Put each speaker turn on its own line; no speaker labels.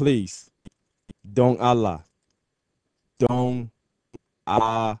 please, don't Allah. Don't Allah.